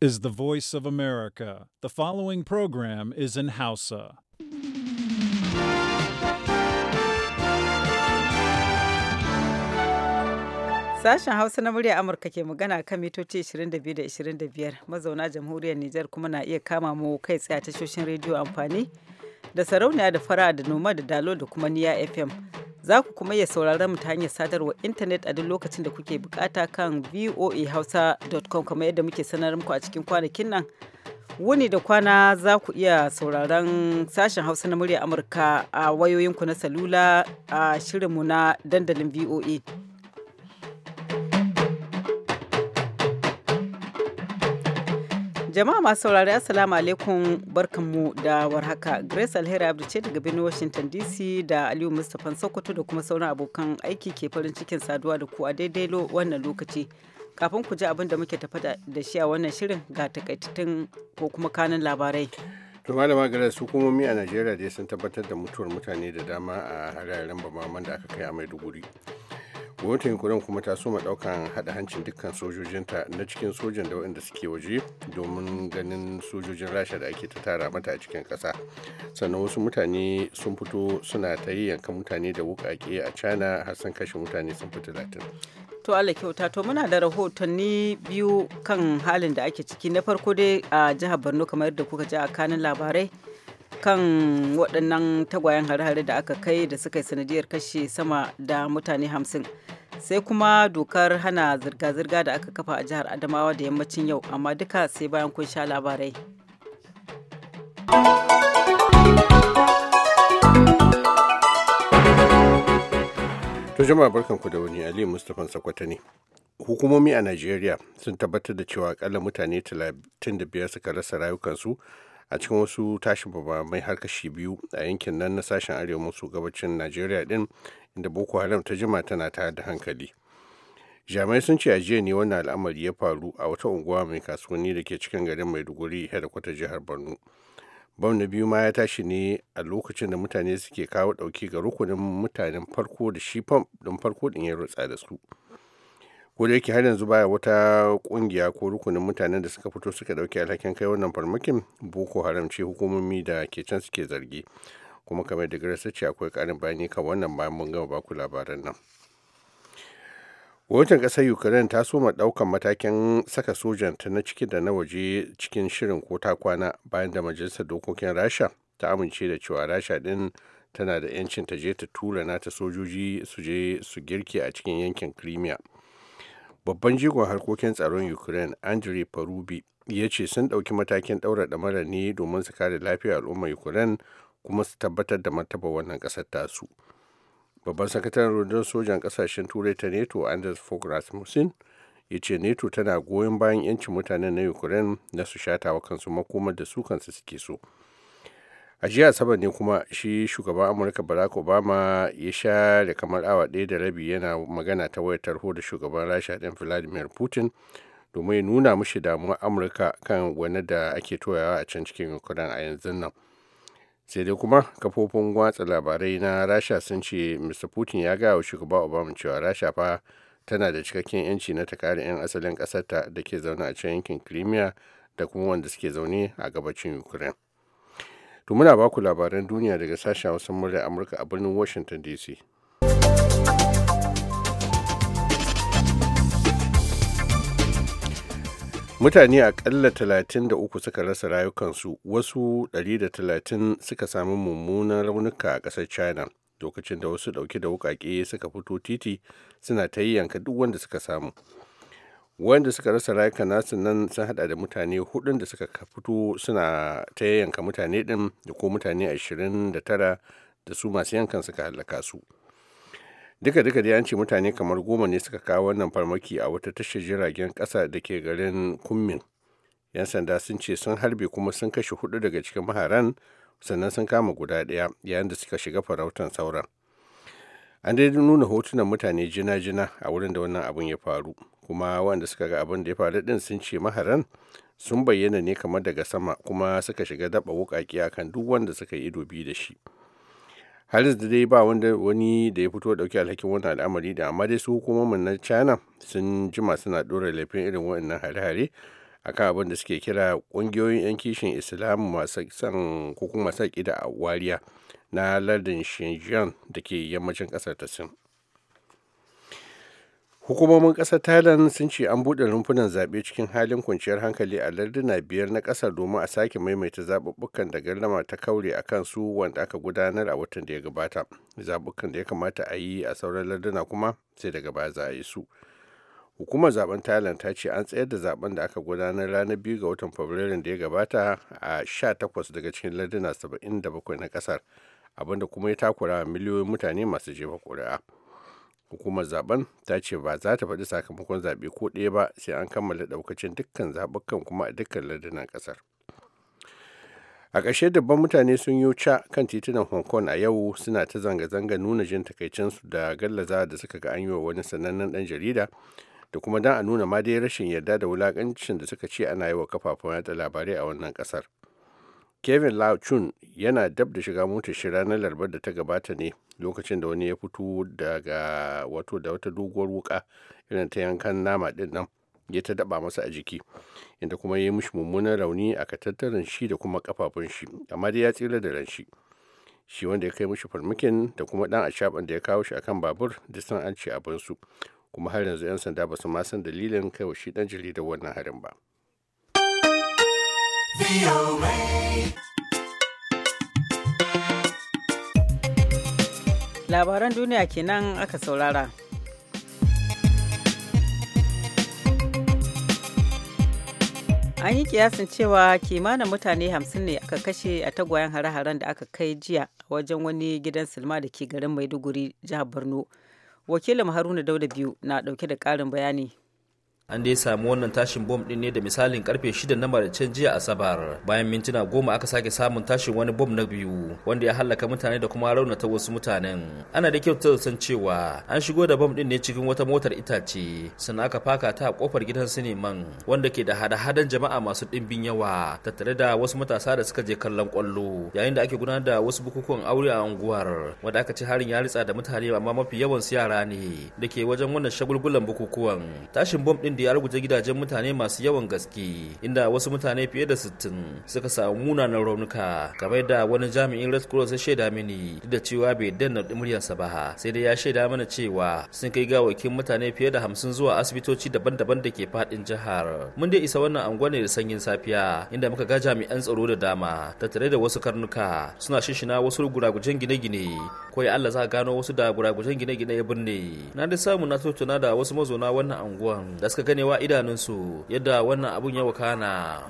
is the voice of America. The following program is in Hausa. Sashen Hausa na murya Amurka ke magana kan mitoci 22 da 25 mazauna jamhuriyar Nijar kuma na iya kama mu kai tsaye tashoshin rediyo amfani da sarauniya da fara da noma da dalo da kuma niya fm za ku kuma iya sauraron mu ta hanyar sadarwa intanet a duk lokacin da kuke bukata kan voahausa.com kamar yadda muke sanar muku a cikin kwanakin nan wuni da kwana za ku iya sauraron sashen hausa na murya amurka a wayoyinku na salula a shirinmu na dandalin voa Jama'a masu saurari Assalamu alaikum barkanmu da warhaka. Grace Alheri Abdu ce daga birnin Washington DC da Aliyu Mustapha Sokoto da kuma sauran abokan aiki ke farin cikin saduwa da ku a daidai wannan lokaci. Kafin ku ji abin da muke tafa da shi a wannan shirin ga takaitattun ko kuma kanin labarai. to malama garas hukumomi a najeriya dai sun tabbatar da mutuwar mutane da dama a hararen bamaman da aka kai a maiduguri gwamnatin koren kuma ta soma daukan hada hancin dukkan sojojinta na cikin sojan da waɗanda suke waje domin ganin sojojin rasha da ake ta tara mata a cikin kasa sannan wasu mutane sun fito suna ta yi yankan mutane da wukake a china har sun kashe mutane sun fi talatin to Allah kyauta to muna da rahotanni biyu kan halin da ake ciki na farko dai a jihar borno kamar yadda kuka ji a kanin labarai kan waɗannan tagwayen hare-hare da aka kai da suka yi sanadiyar kashe sama da mutane hamsin sai kuma dokar hana zirga-zirga da aka kafa a jihar adamawa da yammacin yau amma duka sai bayan kun sha labarai to jama'a barkanku da wani ali mustapha sakwata ne hukumomi a najeriya sun tabbatar da cewa akalla mutane 35 suka rasa rayukansu a cikin wasu tashin babamai har kashi biyu a yankin nan na sashen arewa maso gabacin najeriya din inda boko haram ta jima tana ta da hankali jami'ai sun ce a jiya ne wannan al'amari ya faru a wata unguwa mai kasuwanni da ke cikin garin maiduguri da kwata jihar borno bam na biyu ma ya tashi ne a lokacin da mutane suke kawo ɗauki ga rukunin mutanen farko da shi fam don farko din ya rutsa da su ko da yake har yanzu baya wata kungiya ko rukunin mutanen da suka fito suka dauki alhakin kai wannan farmakin boko haram ce hukumomi da ke can suke zargi kuma kamar da garasa ce akwai karin bayani kan wannan bayan mun gama baku labaran nan gwamnatin ƙasar ukraine ta soma daukan matakin saka sojanta na ciki da na waje cikin shirin ko ta kwana bayan da majalisar dokokin rasha ta amince da cewa rasha ɗin tana da 'yancin ta je ta tura nata sojoji su je su girki a cikin yankin crimea babban jigon harkokin tsaron ukraine andrei parubi ya ce sun ɗauki matakin ɗaura mara ne domin su kare lafiyar al'ummar ukraine kuma su tabbatar da martaba wannan ƙasar tasu babban sakataren rundunar sojan ƙasashen turai ta neto anders fogh rasmussen ya ce neto tana goyon bayan 'yancin mutanen na ukraine na su shatawa kansu makomar da su kansu suke so a jiya asabar ne kuma shi shugaban amurka barack obama ya share kamar awa ɗaya da rabi yana magana ta wayar tarho da shugaban rasha ɗin vladimir putin domin ya nuna mushi damuwar amurka kan wani da ake toyawa a can cikin yankunan a yanzu nan sai dai kuma kafofin watsa labarai na rasha sun ce mr putin ya gaya wa shugaba obama cewa rasha fa tana da cikakken yanci na ta 'yan asalin ƙasarta da ke zaune a can yankin crimea da kuma wanda suke zaune a gabacin ukraine To muna baku labaran duniya daga sashen Hausa murya Amurka a birnin Washington DC. mutane akalla 33 suka rasa rayukansu wasu 130 suka sami mummunan raunuka a ƙasar china lokacin da wasu ɗauke da wukake suka fito titi suna ta yi yanka duk wanda suka samu wanda suka rasa rayuka nasu nan sun hada da mutane hudun da suka fito suna ta yanka mutane din da ko mutane 29 da su masu yankan suka halaka su duka duka da ce mutane kamar goma ne suka kawo wannan farmaki a wata tashar jiragen kasa da ke garin kummin yan sanda sun ce sun harbe kuma sun kashe hudu daga cikin maharan sannan sun kama guda daya yayin da suka shiga farautan sauran an dai nuna hotunan mutane jina-jina a wurin da wannan abin ya faru kuma wanda suka ga abin da ya faru din sun ce maharan sun bayyana ne kamar daga sama kuma suka shiga daba wukaki akan duk wanda suka yi ido biyu da shi halis da dai ba wanda wani da ya fito dauki alhakin wannan al'amari da amma dai su hukumomin na china sun jima suna dora laifin irin wannan hare-hare akan abin da suke kira ƙungiyoyin 'yan kishin islam masu san ko kuma masu a wariya na lardin Xinjiang da ke yammacin ƙasar ta Sin. hukumomin ƙasar thailand sun ce an buɗe rumfunan zaɓe cikin halin kwanciyar hankali a larduna biyar na ƙasar domin a sake maimaita zaɓuɓɓukan da gallama ta kaure a kan su wanda aka gudanar a watan da ya gabata zaɓuɓɓukan da ya kamata a yi a sauran larduna kuma sai daga baya za a yi su hukumar zaben thailand ta ce an tsayar da zaben da aka gudanar ranar biyu ga watan fabrairun da ya gabata a sha 18 daga cikin larduna 77 na ƙasar, abinda kuma ya takura miliyoyin mutane masu jefa ƙuri'a. hukumar zaben ta ce ba za ta faɗi sakamakon zaɓe ko ɗaya ba sai an kammala ɗaukacin dukkan zaɓukan kuma a dukkan lardunan ƙasar a ƙarshe dabban mutane sun yi ca kan titunan hong kong a yau suna ta zanga-zanga nuna jin takaicinsu da gallaza da suka ga an yi wa wani sanannen ɗan jarida da kuma don a nuna ma dai rashin yarda da wulaƙancin da suka ce ana yi wa kafafen yada labarai a wannan ƙasar kevin lachun yana dab da shiga mota shi ranar larabar da ta gabata ne lokacin da wani ya fito daga wato da wata doguwar wuka irin ta yankan nama din nan ya ta daba masa a jiki inda kuma ya yi mishi mummunan rauni a katattarin shi da kuma kafafun shi amma dai ya tsira da ran shi shi wanda ya kai mishi farmakin da kuma dan ashaban da ya kawo shi akan babur da san an ce abin su kuma har yanzu 'yan sanda ba su ma san dalilin kai wa shi dan jaridar wannan harin ba. Labaran duniya kenan aka saurara. An yi kiyasin cewa kimanin mutane hamsin ne aka kashe a tagwayen hare-haren da aka kai jiya wajen wani gidan silma da ke garin Maiduguri, jihar Borno. Wakilin Haruna Dauda biyu na dauke da karin bayani. an dai samu wannan tashin bom din ne da misalin karfe 6 na maraicen jiya asabar bayan mintuna goma aka sake samun tashin wani bom na biyu wanda ya halaka mutane da kuma raunata wasu mutanen ana da kyau ta san cewa an shigo da bom din ne cikin wata motar itace sannan aka faka ta a kofar gidan siniman wanda ke da hada-hadan jama'a masu ɗimbin yawa tattare da wasu matasa da suka je kallon kwallo yayin da ake gudanar da wasu bukukuwan aure a unguwar wanda aka ci harin ya ritsa da mutane amma mafi yawan su yara ne da ke wajen wannan shagulgulan bukukuwan tashin bom din da ya rubuta gidajen mutane masu yawan gaske inda wasu mutane fiye da 60 suka samu munanan raunuka kamar da wani jami'in red cross ya shaida mini duk da cewa bai danna muryarsa ba sai dai ya shaida mana cewa sun kai gawakin mutane fiye da 50 zuwa asibitoci daban-daban da ke fadin jihar mun dai isa wannan unguwar ne da sanyin safiya inda muka ga jami'an tsaro da dama tattare da wasu karnuka suna shishina wasu guragujen gine-gine ko ya Allah za gano wasu da guragujen gine-gine ya binne na da samu na tattauna da wasu mazauna wannan anguwan da suka ganewa idanunsu yadda wannan abun ya wakana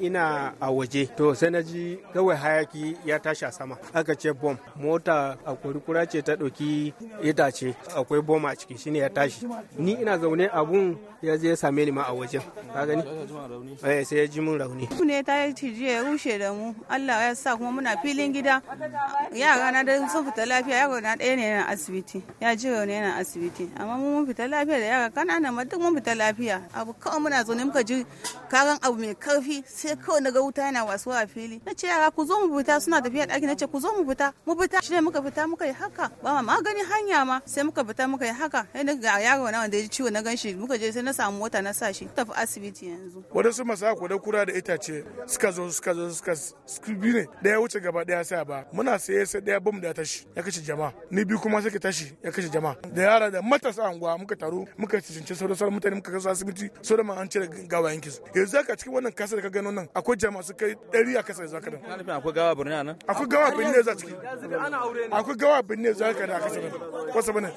ina a waje to sai na ji kawai hayaki ya tashi a sama aka ce bom mota a kurikura ce ta ɗauki itace akwai bom a ciki shine ya tashi ni ina zaune abun ya je same ni ma a wajen ka gani eh, sai ya ji mun rauni ne ta tije ya rushe da mu Allah ya sa kuma muna filin gida ya na da sun fita lafiya ya na ɗaya ne na asibiti ya ciwo ne yana asibiti amma mun fita lafiya da yara kanana ma duk mun fita lafiya abu kawai muna zaune muka ji karan abu mai karfi sai kawai na ga wuta yana wasuwa a fili na ce yara ku zo mu fita suna tafiya daki na ce ku zo mu fita mu fita shi ne muka fita muka yi haka ba ma magani hanya ma sai muka fita muka yi haka sai na ga yaro na wanda ya ji ciwo na ganshi muka je sai na samu mota na sa shi tafi asibiti yanzu su masa ku da kura da itace suka zo suka zo suka biyu ne daya wuce gaba daya sai ba muna sai sai daya bum da tashi ya kace jama'a ni bi kuma sai ka tashi ya kashe jama'a da yara da matasa anguwa muka taro muka cincin sauran sauran mutane muka kasa asibiti sauran ma an cire gawayen kisu yanzu ka cikin wannan kasa da ka gano nan akwai jama'a su kai ɗari a kasa yanzu haka nan akwai gawa birni nan akwai gawa birni za ciki akwai gawa birni za ka da a kasa nan kwasa bane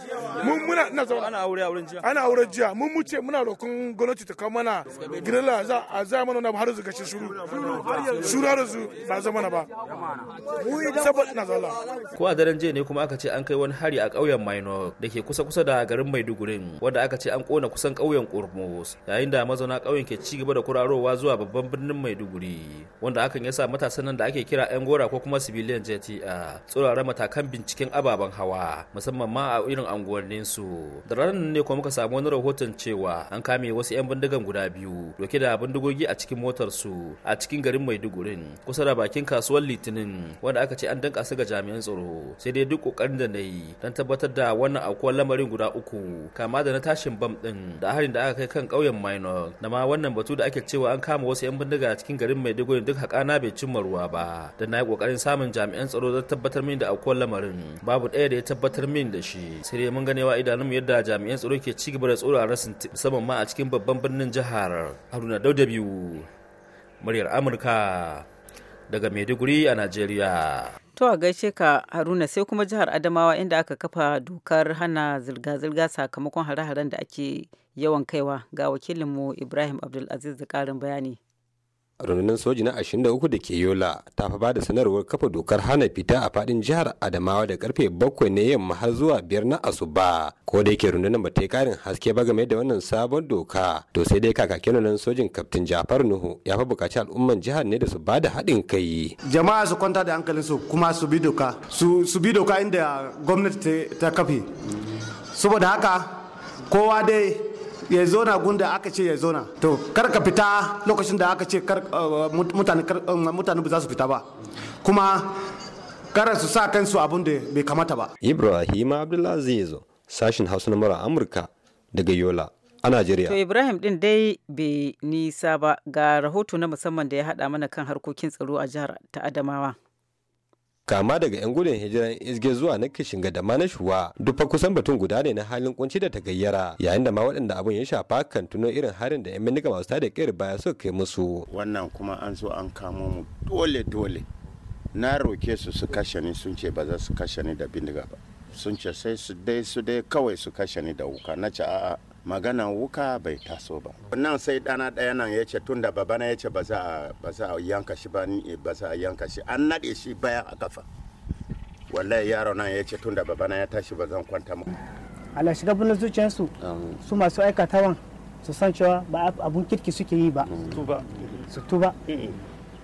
mun muna ina zama ana aure auren jiya ana aure jiya mun muce muna roƙon gwamnati ta kawo mana girla za a za mana wani har zuga shi shuru shuru har zu ba zama na ba saboda ina zalla ko a daren jiya ne kuma aka ce an kai wani hari a ƙauyen Maino da ke kusa-kusa da garin Maiduguri wanda aka ce an kona kusan ƙauyen Kurmus yayin da mazauna ƙauyen ke ci gaba da kurarowa zuwa babban birnin Maiduguri wanda hakan ya sa matasan nan da ake kira 'yan gora ko kuma civilian JTA tsurare matakan binciken ababen hawa musamman ma a irin anguwannin su. Da ranar ne kuma muka samu wani rahoton cewa an kame wasu 'yan bindigan guda biyu doke da bindigogi a cikin motar su a cikin garin Maiduguri kusa da bakin kasuwar Litinin wanda aka ce an danka su ga jami'an tsaro sai dai duk kokarin da nayi yi tabbatar da wannan aukuwar lamarin guda uku kama da na tashin bam din da harin da aka kai kan ƙauyen minor da ma wannan batu da ake cewa an kama wasu 'yan bindiga a cikin garin maiduguri duk haƙana bai cimma ruwa ba da na yi ƙoƙarin samun jami'an tsaro don tabbatar min da aukuwar lamarin babu ɗaya da ya tabbatar min da shi sai dai mun ganewa idanun yadda jami'an tsaro ke ci gaba da tsoro a rasin musamman ma a cikin babban birnin jihar haruna dauda biyu muryar amurka daga maiduguri a najeriya To a gaishe ka Haruna sai kuma jihar Adamawa inda aka kafa dokar hana zirga-zirga sakamakon hare-haren da ake yawan kaiwa ga wakilinmu Ibrahim Abdulaziz da ƙarin bayani. rundunar soji na 23 da ke yola ta fi bada sanarwar kafa dokar hana fita a fadin jihar adamawa da karfe 7 na yamma har zuwa biyar na asuba ko da yake rundunar ba ta karin haske ba game da wannan sabon doka to sai dai kakakin rundunar sojin kaftin jafar nuhu ya fi bukaci al'umman jihar ne da su da haɗin kai jama'a su kwanta da hankalin su kuma su bi doka su bi doka inda gwamnati ta kafe saboda haka kowa dai ya zona gunda aka ce ya zona to kar ka fita lokacin da aka ce uh, um, mutane ba za su fita ba kuma kar su sa kansu abin da bai kamata ba ibrahim abdulaziz sashin hausa na mara amurka daga yola a Najeriya. To Ibrahim din dai bai nisa ba ga rahoto na musamman da ya haɗa mana kan harkokin tsaro a jihar ta Adamawa. kama daga 'yan gudun hijiran izge zuwa na kishinga da ma na shuwa duk kusan batun guda ne na halin kunci da ta gayyara yayin da ma waɗanda abun ya shafa kan tuno irin harin da 'yan bindiga masu tada kiyar baya suka kai musu wannan kuma an so an kamo mu dole dole na roke su su kashe ni sun ce ba za su kashe ni da bindiga ba sun ce sai su dai su dai kawai su kashe ni da wuka na ce a'a magana wuka bai taso ba nan sai dana daya nan ya ce tunda babana ya ce ba za a yanka shi ba eh, ba za yanka shi an naɗe shi baya a kafa wallahi yaro nan ya ce tunda babana ya tashi ba zan kwanta mu Allah shiga bunan zuciyarsu su masu aikatawan su san cewa ba abun kirki suke yi ba su tuba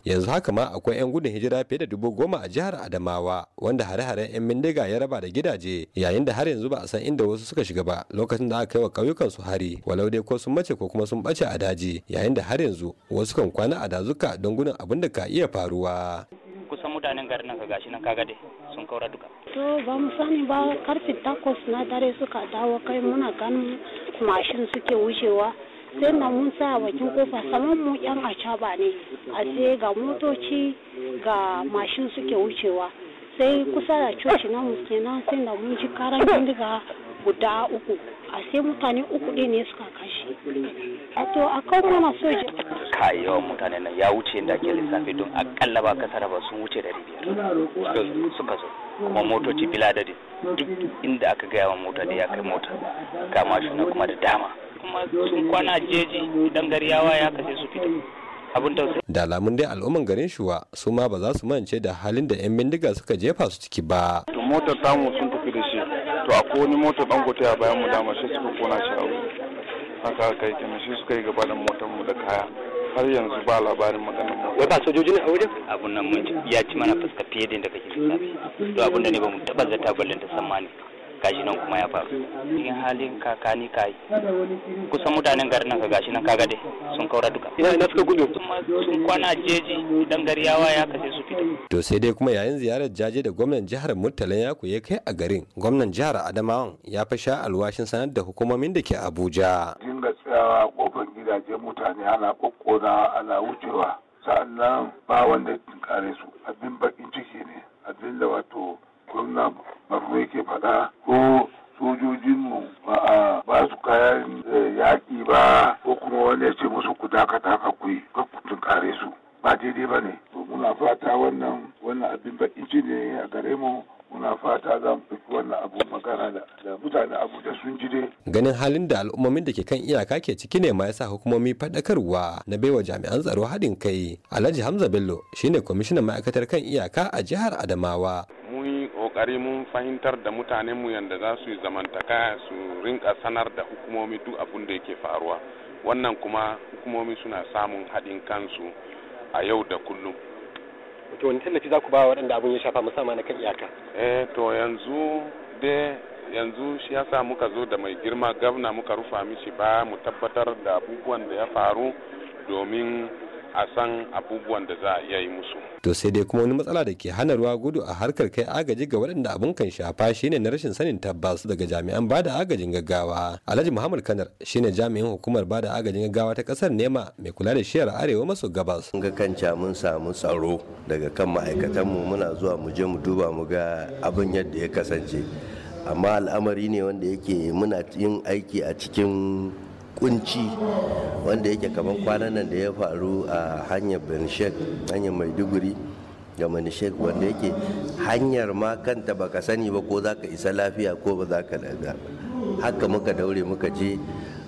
yanzu haka ma akwai 'yan gudun hijira fiye da dubu goma a jihar adamawa wanda hare-haren 'yan mindiga ya raba da gidaje yayin da har yanzu ba a san inda wasu suka shiga ba lokacin da aka kai wa kauyukan su hari walau dai ko sun mace ko kuma sun bace a daji yayin da har yanzu wasu kan kwana a dazuka don gudun abin da ka iya faruwa kusan mutanen garin nan ka gashi nan kaga dai sun kaura duka to ba mu sani ba karfe takwas na dare suka dawo kai muna ganin mashin suke wucewa sai na mun sa bakin kofa saman mu yan acaba ne a sai ga motoci ga mashin suke wucewa sai kusa da coci na kenan sai na mun ji karan bindiga guda uku a sai mutane uku ɗin ne suka kashe a to a kan mana soja ka yawan mutane nan ya wuce da ke lissafi don akalla ba kasara ba sun wuce da biyar suka zo kuma motoci bila biladadi duk inda aka gaya wa mota da ya kai mota ga mashina kuma da dama kuma sun kwana jeji idan gari ya waya ka sai su fita abin tausayi. da alamun dai al'umman garin shuwa su ma ba za su mance da halin da 'yan bindiga suka jefa su ciki ba. to motar tamu sun tafi da shi to a wani motar dangote a bayan mu dama shi suka kona shi a haka haka yake shi suka yi gaba da motar mu da kaya har yanzu ba labarin maganin mu. wai ba sojoji ne a wajen. abun nan mun ya ci mana fuska fiye da yadda kake to abun da ne ba mu taba zata ballanta tsammani. gashi nan kuma ya faru cikin halin kakani kai kusan mutanen garin nan ka gashi nan kaga dai sun kaura duka ina ina suka gudu sun kwana jeji idan gari ya kace su fita to sai dai kuma yayin ziyarar jaje da gwamnan jihar Murtalan yaku ya kai a garin gwamnan jihar Adamawan ya fa sha alwashin sanar da hukumomin da ke Abuja dinga tsayawa kofar gidaje mutane ana kokkona ana wucewa sa'annan ba wanda tunkare su abin bakin ciki ne abin da wato gwamna abu yake faɗa ko sojojinmu ba a ba su kayan eh, yaƙi ba ko kuma wani ya ce musu ku dakata ka kui ka kutun kare su ba daidai ba ne to muna fata wannan wannan abin baƙin ci ne a gare mu muna fata za mu fi wannan abu magana da mutane abuja sun ji dai. ganin halin da al'ummomin da ke kan iyaka ke ciki ne ma yasa hukumomi faɗakarwa na baiwa jami'an tsaro haɗin kai alhaji hamza bello shine kwamishinan ma'aikatar kan iyaka a jihar adamawa kokari mun fahimtar da mutanenmu yadda za su yi zamantaka su rinka sanar da hukumomi duk abin da yake faruwa wannan kuma hukumomi suna samun haɗin kansu a yau da kullum to wani tallafi za ku ba waɗanda abin ya shafa musamman na kan iyaka eh to yanzu dai yanzu shi yasa muka zo da mai girma gavna muka rufa mishi ba mu tabbatar da abubuwan da ya faru domin a san abubuwan da za a iya yi musu. To sai dai kuma wani matsala da ke hana ruwa gudu a harkar kai agaji ga waɗanda abun kan shafa shine na rashin sanin tabbas daga jami'an bada agajin gaggawa. Alhaji Muhammad Kanar shine jami'in hukumar bada agajin gaggawa ta ƙasar Nema mai kula da shiyar Arewa maso gabas. Mun ga kanca mun samu tsaro daga kan ma'aikatanmu muna zuwa mu je mu duba mu ga abin yadda ya kasance. Amma al'amari ne wanda yake muna yin aiki a cikin kunci wanda yake kamar kwanan nan da ya faru a hanyar benishek hanyar maiduguri ga manishek wanda yake hanyar ma kanta baka sani ba ko za ka isa lafiya ko ba za ka daga haka muka daure muka je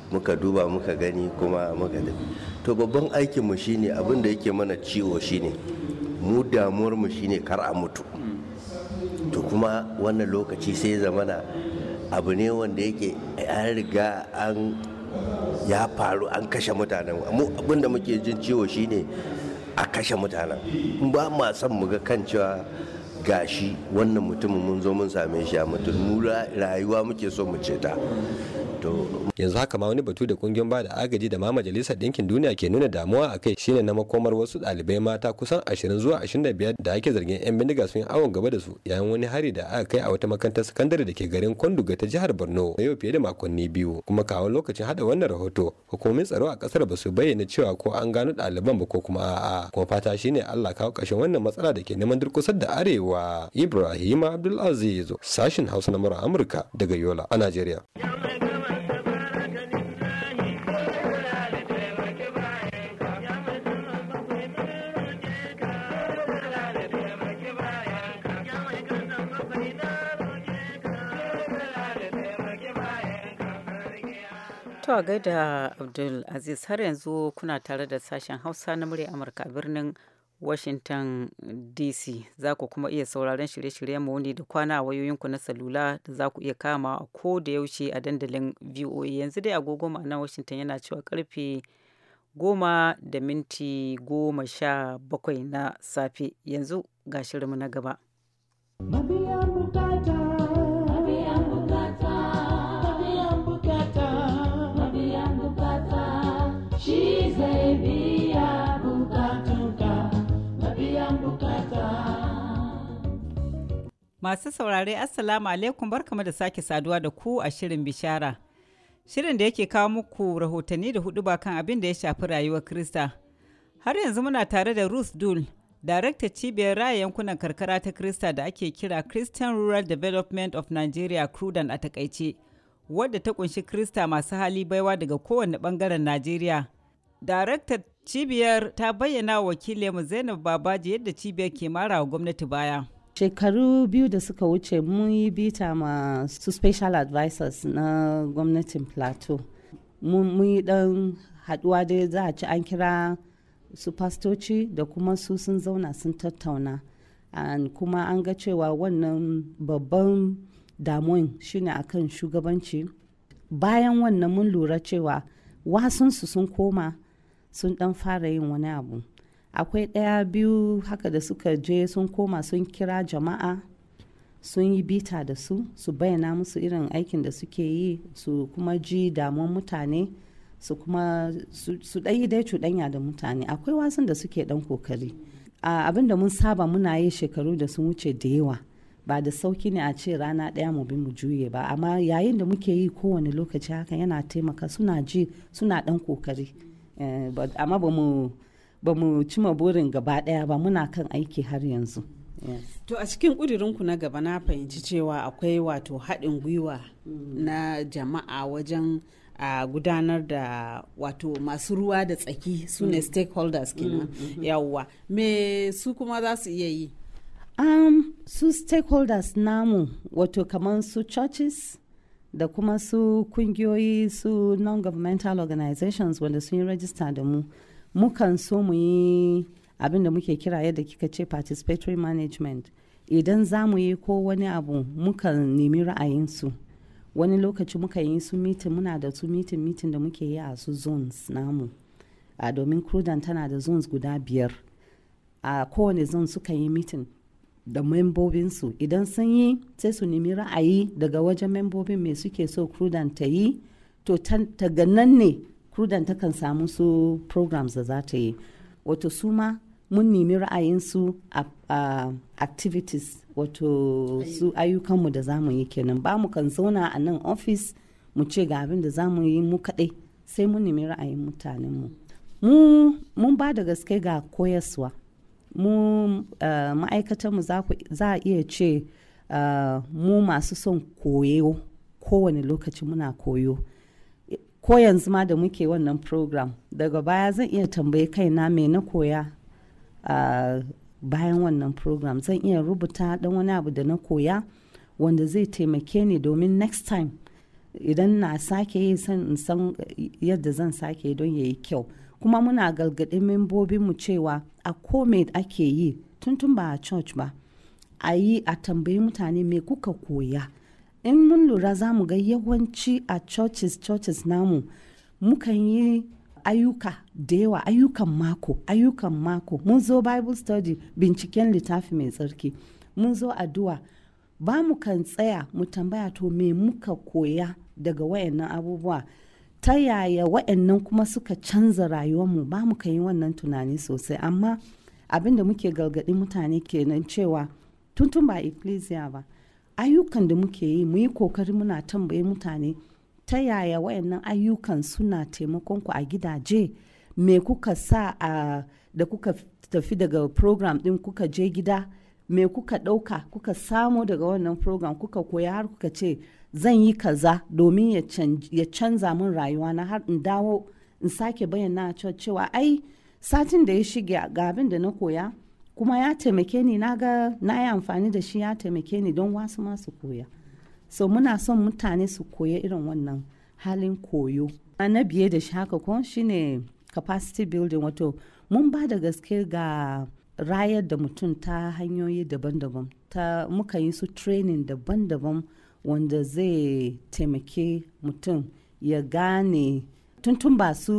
muka duba muka gani kuma muka tafi to babban aikinmu shine abin da yake mana ciwo shine mu damuwarmu shine kar a mutu to kuma wannan lokaci sai zamana abu ne wanda yake an riga an ya faru an kashe mutanen mu abinda muke jin ciwo shine a kashe mutanen ba ma son mu ga kan cewa gashi wannan mutumin mun zo mun same shi a mutum mu rayuwa muke so mu ce ta to yanzu haka ma wani batu da kungiyoyin ba da agaji da ma majalisar ɗinkin duniya ke nuna damuwa a kai shine na makomar wasu ɗalibai mata kusan 20 zuwa 25 da ake zargin yan bindiga sun yi awon gaba da su yayin wani hari da aka kai a wata makarantar sakandare da ke garin kwanduga ta jihar borno yau fiye da makonni biyu kuma kawo lokacin hada wannan rahoto hukumomin tsaro a kasar ba su bayyana cewa ko an gano ɗaliban ba ko kuma a'a kuma fata shine allah kawo ƙarshen wannan matsala da ke neman durkusar da arewa ibrahim abdulaziz sashin hausa na amurka daga yola a najeriya To a gaida Abdul Aziz har yanzu kuna tare da sashen Hausa na murya Amurka birnin Washington DC za ku kuma iya sauraron shirye-shiryen mu wani da kwana a wayoyinku na salula da za ku iya kama a ko da yaushe a dandalin VOA yanzu dai agogo ma'ana Washington yana cewa karfe goma da minti goma sha bakwai na safe yanzu ga shirin na gaba. Masu saurare Assalamu alaikum barkamu da sake saduwa da ku a shirin bishara. Shirin da yake kawo muku rahotanni da hudu ba kan abin da ya shafi rayuwar Krista. Har yanzu muna tare da Ruth Dul, Darakta Cibiyar Raya Yankunan Karkara ta Krista da ake kira Christian Rural Development of Nigeria Crudan a takaice, wadda ta kunshi Krista masu hali baiwa daga kowane bangaren Najeriya. Darakta Cibiyar ta bayyana wakilinmu Zainab Babaji yadda cibiyar ke marawa gwamnati baya. shekaru biyu da suka wuce mun yi bita ma special advisors na gwamnatin plateau mun yi dan haduwa dai za a ci an kira su fastoci da kuma su sun zauna sun tattauna kuma an ga cewa wannan babban damuwan shine akan shugabanci bayan wannan mun lura cewa wasansu sun koma sun dan fara yin wani abu akwai ɗaya biyu haka da suka je sun koma sun kira jama'a sun yi bita da su su bayyana musu irin aikin da suke yi su kuma ji damuwan mutane su kuma su ɗayi dai cuɗanya da mutane akwai wasan da suke ɗan kokari abin da mun saba muna yi shekaru da sun wuce da yawa ba da sauki ne a ce rana ɗaya mu bi mu juye ba amma yayin da muke yi kowane lokaci hakan yana taimaka suna ji suna ɗan kokari eh, amma ba mu ba mu cima burin gaba daya ba muna kan aiki har yanzu to a cikin ƙudurinku na gaba na fahimci cewa akwai wato haɗin gwiwa mm. na jama'a wajen a gudanar da wato masu ruwa da tsaki su ne mm. stakeholders mm, kenan yawwa me su kuma za su iya yi um, su stakeholders namu wato kamar su churches da kuma su kungiyoyi su non-governmental organizations wanda sun yi rajista da mu mukan so mu yi abin da muke kira yadda kika ce participatory management idan za mu yi ko wani abu mukan nemi ra'ayinsu wani lokaci muka yi su mitin muna da su mitin mitin da muke yi a su zones namu a domin crudan tana da zones guda biyar a kowane zone suka yi mitin da membobinsu idan sun yi sai su nemi ra'ayi daga wajen membobin me suke so crudan ta yi to ta nan ne Prudent takan samu su programs da za ta yi. Wato su ma mun nemi ra'ayinsu a uh, activities wato su ayyukanmu da za mu yi kenan ba mu kan zauna a nan ofis mu ce ga abin da za mu yi mu kaɗai sai mun nemi ra'ayin mutanenmu mu mun ba da gaske ga koyaswa mu uh, ma'aikatanmu za a iya ce uh, mu masu son koyo kowane lokaci muna koyo ko yanzu ma da muke wannan program daga baya zan iya tambayi kaina mai na koya a bayan wannan program zan iya rubuta dan wani abu da na koya wanda zai taimake ni domin next time idan na sake yi san yadda zan sake don ya yi kyau kuma muna galgadin membobinmu cewa a kome ake yi tuntun ba a church ba a yi a tambayi mutane me kuka koya in mun lura za mu ga yawanci a churches churches namu mukan yi ayyuka da yawa ayyukan mako ayyukan mako mun zo bible study binciken littafi mai tsarki mun zo addu'a ba mu kan tsaya mu tambaya to me muka koya daga wayannan abubuwa ta yaya wayannan kuma suka canza rayuwarmu ba mu kan yi wannan tunani sosai amma abinda muke galgadi mutane kenan cewa tuntun ba ecclesia ba ayyukan da muke yi mu yi kokari muna tambaye mutane ta yaya wayannan ayyukan suna taimakon ku a gidaje me kuka sa a da kuka tafi daga program din kuka je gida me kuka ɗauka kuka samo daga wannan program kuka koya har kuka ce zan yi kaza domin ya canza mun rayuwa na har in dawo in sake bayyana cewa ai satin da ya shige ga abin da na koya kuma ya taimake ni na ga na yi amfani da shi ya taimake ni don wasu masu koya so muna son mutane su koya irin wannan halin koyo na biye da shi haka shi shine capacity building wato mun ba da gaske ga rayar da mutum ta hanyoyi daban-daban ta muka yi su training daban-daban wanda zai taimake mutum ya gane tuntun ba su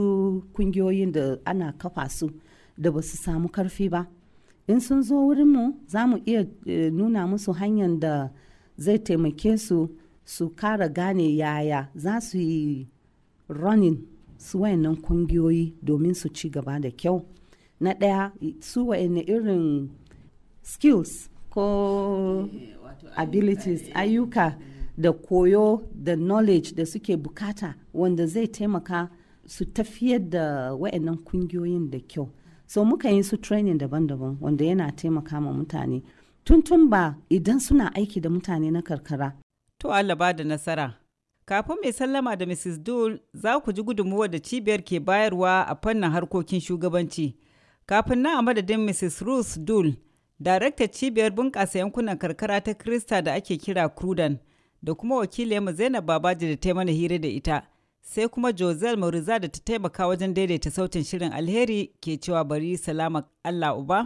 kungiyoyin da ana kafa su da ba su samu karfi ba in sun zo wurinmu za mu iya eh, nuna musu hanyar da zai taimake su su kara gane yaya za su yi running su wayannan kungiyoyi domin su ci gaba da kyau na ɗaya su wayanne irin skills ko abilities ayyuka da koyo da knowledge da suke bukata wanda zai taimaka su tafiyar da wayannan kungiyoyin da kyau so muka yi su training daban-daban wanda yana taimaka ma mutane tuntun ba idan suna aiki da mutane na karkara to Allah ba da nasara kafin mai sallama da mrs dole za ku ji gudunmuwa da cibiyar ke bayarwa a fannin harkokin shugabanci kafin na a madadin mrs ruth dole daraktar cibiyar bunƙasa yankunan karkara ta krista da ake kira crudan da kuma mu zainab babaji da ta mana hira da ita sai kuma Josel Mauriza da ta taimaka wajen daidaita sautin shirin alheri ke cewa bari salama Allah Uba.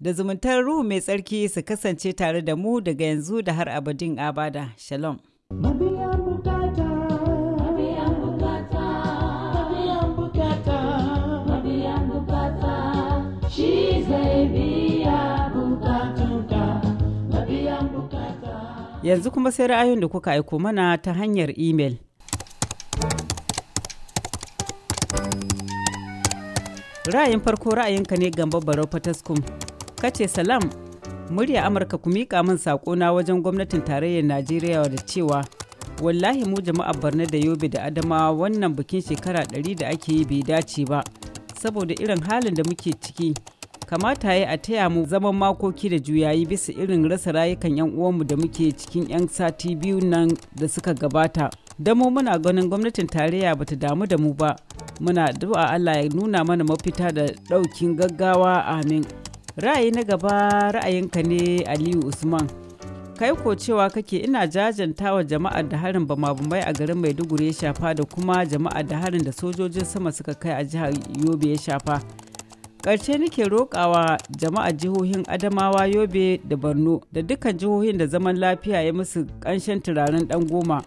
Da zumuntar Ruhu mai tsarki su kasance tare da mu daga yanzu da har abadin abada. Shalom. Yanzu kuma sai ra'ayin da kuka aiko mana ta hanyar imel. Ra'ayin farko ra'ayinka ne gamba Barau Fataskum. Kace salam murya Amurka ku miƙa min na wajen gwamnatin tarayyar Najeriya da cewa wallahi mu jama'a Barna da Yobe da Adamawa wannan bikin shekara ɗari da ake yi bai dace ba saboda irin halin da muke ciki kamata ya a taya mu zaman makoki da juyayi bisa irin rasa rayukan 'yan uwanmu da muke cikin 'yan sati biyu nan da suka gabata da mu muna ganin gwamnatin tarayya bata damu da mu ba muna addu'a Allah ya nuna mana mafita da ɗaukin gaggawa amin ra'ayi na gaba ra'ayinka ne Aliyu Usman kai ko cewa kake ina jajantawa jama'ar da harin bamabumai a garin Maiduguri ya shafa da kuma jama'ar da harin da sojojin sama suka kai a jihar Yobe ya shafa ƙarshe nake roƙawa jama'ar jihohin Adamawa Yobe da Borno da dukkan jihohin da zaman lafiya ya musu ƙanshen turaren ɗan goma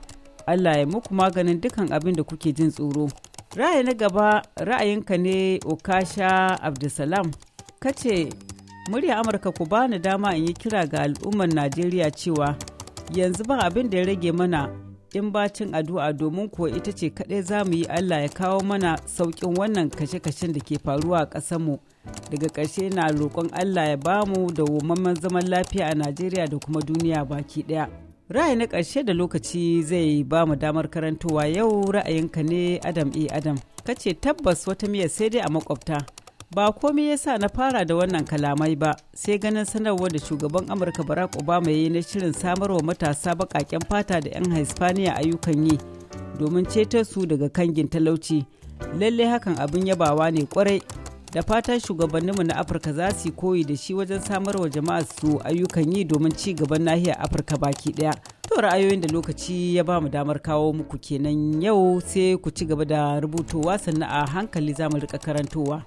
Allah ya muku maganin dukan abin da kuke jin tsoro. Ra'ayi na gaba ra'ayinka ne Okasha Abdulsalam. Kace murya Amurka ku bani dama in yi kira ga al'ummar Najeriya cewa yanzu ba abin da ya rage mana in bacin addu'a domin kuwa ita ce kaɗai za mu yi Allah ya kawo mana sauƙin wannan kashe-kashen da ke faruwa a ƙasarmu. Daga ƙarshe na roƙon Allah ya bamu da zaman lafiya a Najeriya da kuma duniya baki ɗaya. ra'ayi na ƙarshe da lokaci zai ba mu damar karantowa yau ra'ayinka ne adam e adam ka ce tabbas wata miya sai dai a makwabta ba komai sa na fara da wannan kalamai ba sai ganin sanarwar da shugaban amurka barack obama ya yi na shirin samarwa matasa baƙaƙen fata da 'yan hispaniya ayyukan yi domin ceto su daga kangin talauci lallai hakan abin yabawa ne kwarai da fatan shugabanninmu na afirka za su yi koyi da shi wajen samarwa jama'a su ayyukan yi domin ci gaban nahiyar afirka baki daya to ra'ayoyin da lokaci ya ba mu damar kawo muku kenan yau sai ku ci gaba da rubutowa sannan a hankali za mu rika karantowa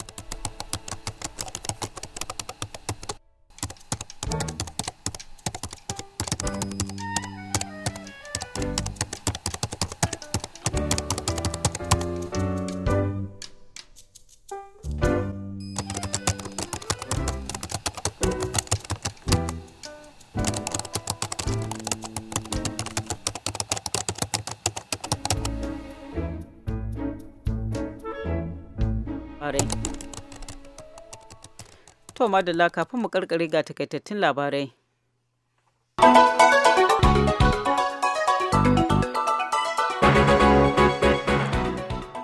madalla kafin mu karkare ga takaitattun labarai.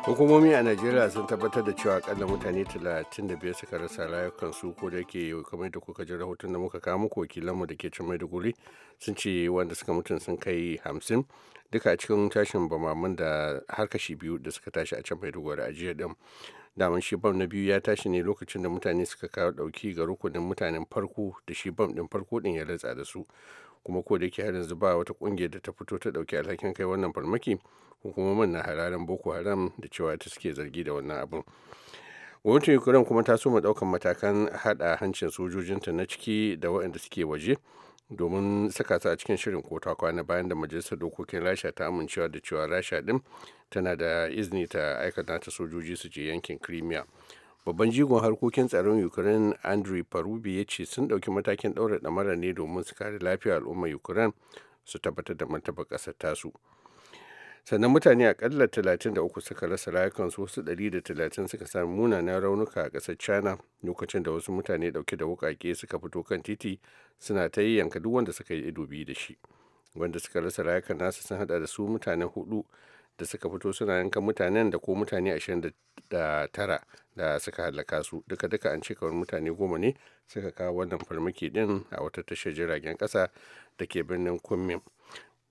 hukumomi a najeriya sun tabbatar da cewa akalla mutane 35 suka rasa rayukansu ko da ke kamar da kuka ji rahoton da muka kawo muku wakilanmu da ke can maiduguri sun ce wanda suka mutun sun kai 50 duka a cikin tashin bamaman da har kashi biyu da suka tashi a can maiduguri a jiya din damar shi bam na biyu ya tashi ne lokacin da mutane suka kawo ɗauki ga rukunin mutanen farko da shi bam ɗin farko ɗin ya latsa da su kuma ko da yake har yanzu ba wata ƙungiyar da ta fito ta ɗauki alhakin kai wannan farmaki hukumomin na hararen boko haram da cewa ta suke zargi da wannan abun gwamnatin ukraine kuma ta soma daukan matakan hada hancin sojojinta na ciki da waɗanda suke waje domin saka su a cikin shirin kota kwana bayan da majalisar dokokin rasha ta amincewa da cewa rasha din tana da izini ta aikata ta sojoji su je yankin crimea babban jigon harkokin tsaron ukraine andrew parubi ya ce sun ɗauki matakin ɗaura ɗamara ne domin su kare lafiyar al'ummar ukraine su tabbatar da martaba ƙasar tasu sannan mutane akalla 33 suka rasa rayukan rayukansu wasu 130 suka sami munanan raunuka a ƙasar china lokacin da wasu mutane ɗauke da wukake suka fito kan titi suna ta yi yanka duk wanda suka yi ido biyu da shi wanda suka rasa rayukan nasu sun hada da su mutane hudu da suka fito suna yanka mutanen da ko mutane 29 da suka halaka su duka duka an ce kawai mutane goma ne suka kawo wannan farmaki din a wata tashar jiragen ƙasa da ke birnin kunmin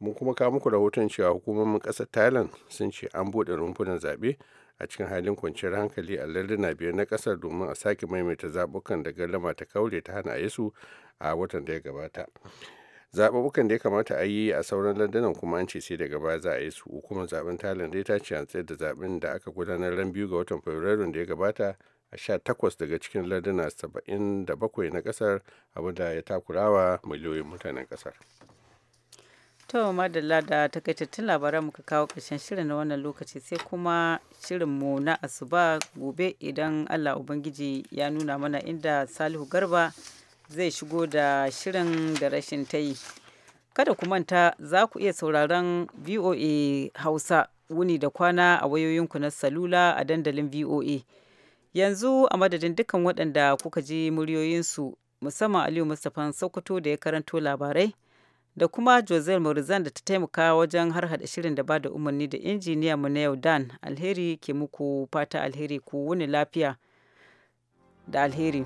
mun kuma kawo muku rahoton cewa hukumomin ƙasar thailand sun ce an buɗe rumfunan zaɓe a cikin halin kwanciyar hankali a larduna biyar na ƙasar domin a sake maimaita zaɓukan da gallama ta kaure ta hana a a watan da ya gabata zaɓuɓɓukan da ya kamata a yi a sauran landunan kuma an ce sai da baya za a yi su hukumar zaɓen thailand dai ta ce an tsayar da zaɓen da aka gudanar ran biyu ga watan fabrairu da ya gabata a sha takwas daga cikin landuna saba'in da bakwai na ƙasar abinda ya takurawa miliyoyin mutanen ƙasar To madalla da takaitattun labaran muka kawo ƙarshen shirin na wannan lokaci sai kuma shirin mu na asuba gobe idan Allah Ubangiji ya nuna mana inda Salihu Garba zai shigo da shirin da rashin ta yi. Kada ku manta za ku iya sauraron VOA Hausa wuni da kwana a wayoyinku na salula a dandalin VOA. Yanzu a madadin dukkan waɗanda kuka ji muryoyinsu musamman Aliyu Mustapha Sokoto da ya karanto labarai. da kuma Josel Morizan da ta taimaka wajen harhaɗa shirin da ba da umarni da injiniya mu na yau Dan alheri ke muku fata alheri ku wuni lafiya da alheri.